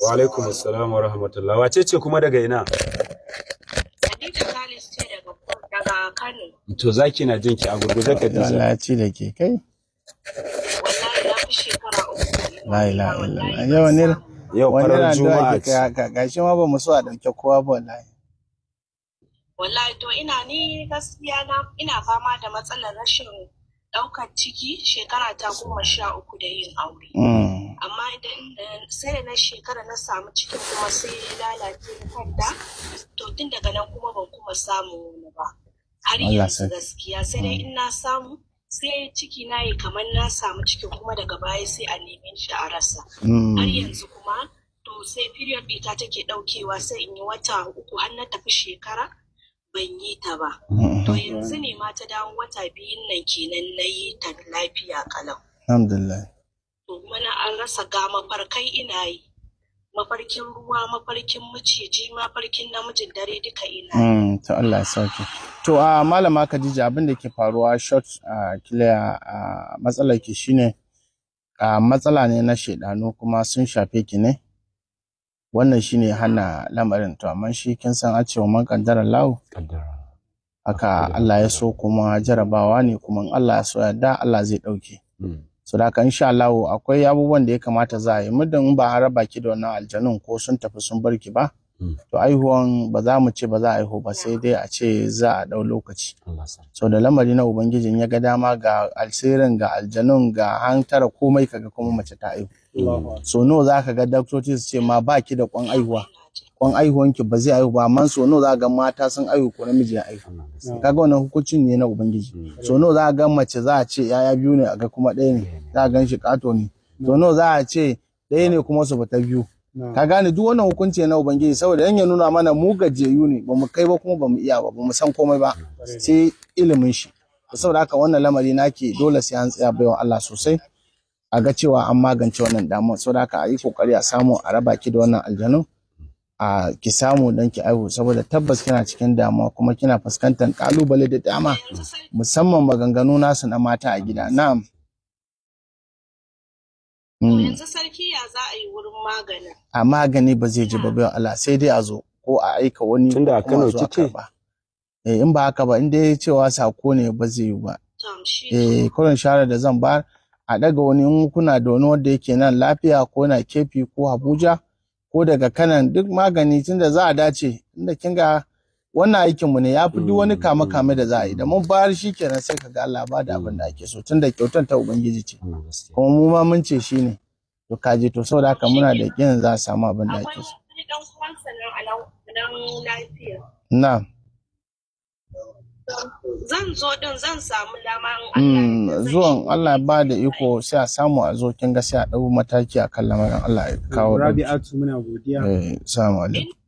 Wa alaikum assalam wa rahmatullah. Wace ce kuma daga ina? Khadija Salis ce daga Kano. To zaki na jin ki a gurguje ka ji. Allah ya ci da ke kai. Wallahi na fi shekara uku. La ilaha illallah. Yau ne yau farar juma'a ce. Gashi ma ba mu so a dauke kowa ba wallahi. Wallahi to ina ni gaskiya na ina fama da matsalar rashin daukar ciki shekara ta goma sha uku da yin aure. Mm. Eh, sai da na shekara na samu cikin kuma sai ya lalace na kanta to tun daga nan kuma ban kuma samu wani ba har yanzu gaskiya sai da in na samu sai ciki na yi kamar na samu cikin kuma daga baya sai a neman shi a rasa hmm. har yanzu kuma to sai period ita take daukewa sai in yi wata uku har na tafi shekara ban yi ta ba hmm. to yanzu ne ma ta dawo wata biyun nan kenan na yi ta lafiya kalau masa ga mafarkai ina yi mafarkin ruwa mafarkin maciji mafarkin namijin dare duka ina yi. Hmm, to Allah ya sauke to a ah, malama Khadija abin da ke faruwa short ah, clear a ah, matsalar ki shine matsala ne na shedano kuma sun shafe ki ne wannan shine hana lamarin to amma shi kin san a cewa man kaddara lawo haka Allah ya so kuma jarabawa ne kuma Allah ya so ya da Allah zai dauke hmm. so da haka insha Allah akwai abubuwan da ya kamata za a yi muddin ba a raba ki da wannan aljanun ko sun tafi sun bar ki ba hmm. to aihuwan ba za mu ce ba za a aihu ba sai dai a ce za a dau lokaci so da lamari na ubangijin ya ga dama ga alsirin ga aljanun ga hantara komai kaga kuma mace ta aihu so no za ka ga daktoci su ce ma ba ki da kwan aihuwa kwan ki ba zai aihu ba amma so nawa za ga mata sun aihu ko namiji ya aihu kaga wannan hukuncin ne na ubangiji mm. so nawa za ga mace za a ce yaya biyu ne a ga kuma ɗaya ne za a ganshi kato ne so nawa za a ce ɗaya ne kuma su ta biyu ka gane duk wannan hukunci na ubangiji saboda yan ya nuna mana mu gajeyu ne bamu kai ba kuma bamu iya ba bamu san komai ba sai ilimin shi saboda haka wannan lamari nake dole sai an tsaya baiwa Allah sosai a ga cewa an magance wannan damuwa saboda haka a yi kokari a samu a raba ki da wannan aljanu a ki samu dan ki aihu saboda tabbas kina cikin damuwa kuma kina fuskantar kalubale da dama musamman maganganu nasu na mata a gida na'am hmm. a yi magani ba zai ji ba bayan Allah sai dai a zo ko a aika wani tunda a Kano kike eh in ba haka ba in dai cewa sako ne ba zai yi ba eh kurin share da zan ba a daga wani in kuna da wani wanda yake nan lafiya ko na kefi ko Abuja ko daga kanan duk magani tunda za a dace inda kin ga wannan aikin mu ne ya fi duk wani mm, kame kame da za a yi da mun bayar shi kenan sai ka ga Allah ba da abin da mm. ake so tunda kyautar ta ubangiji ce kuma mu ma mun ce shi ne to kaji to saboda haka muna da yakin za a samu abin da ake so na'am zan zo din zan samu dama in Allah mm. zuwan Allah ba da iko sai a samu a zo kin ga sai a dau mataki a kan lamarin Allah ya kawo rabi'atu muna godiya eh alaikum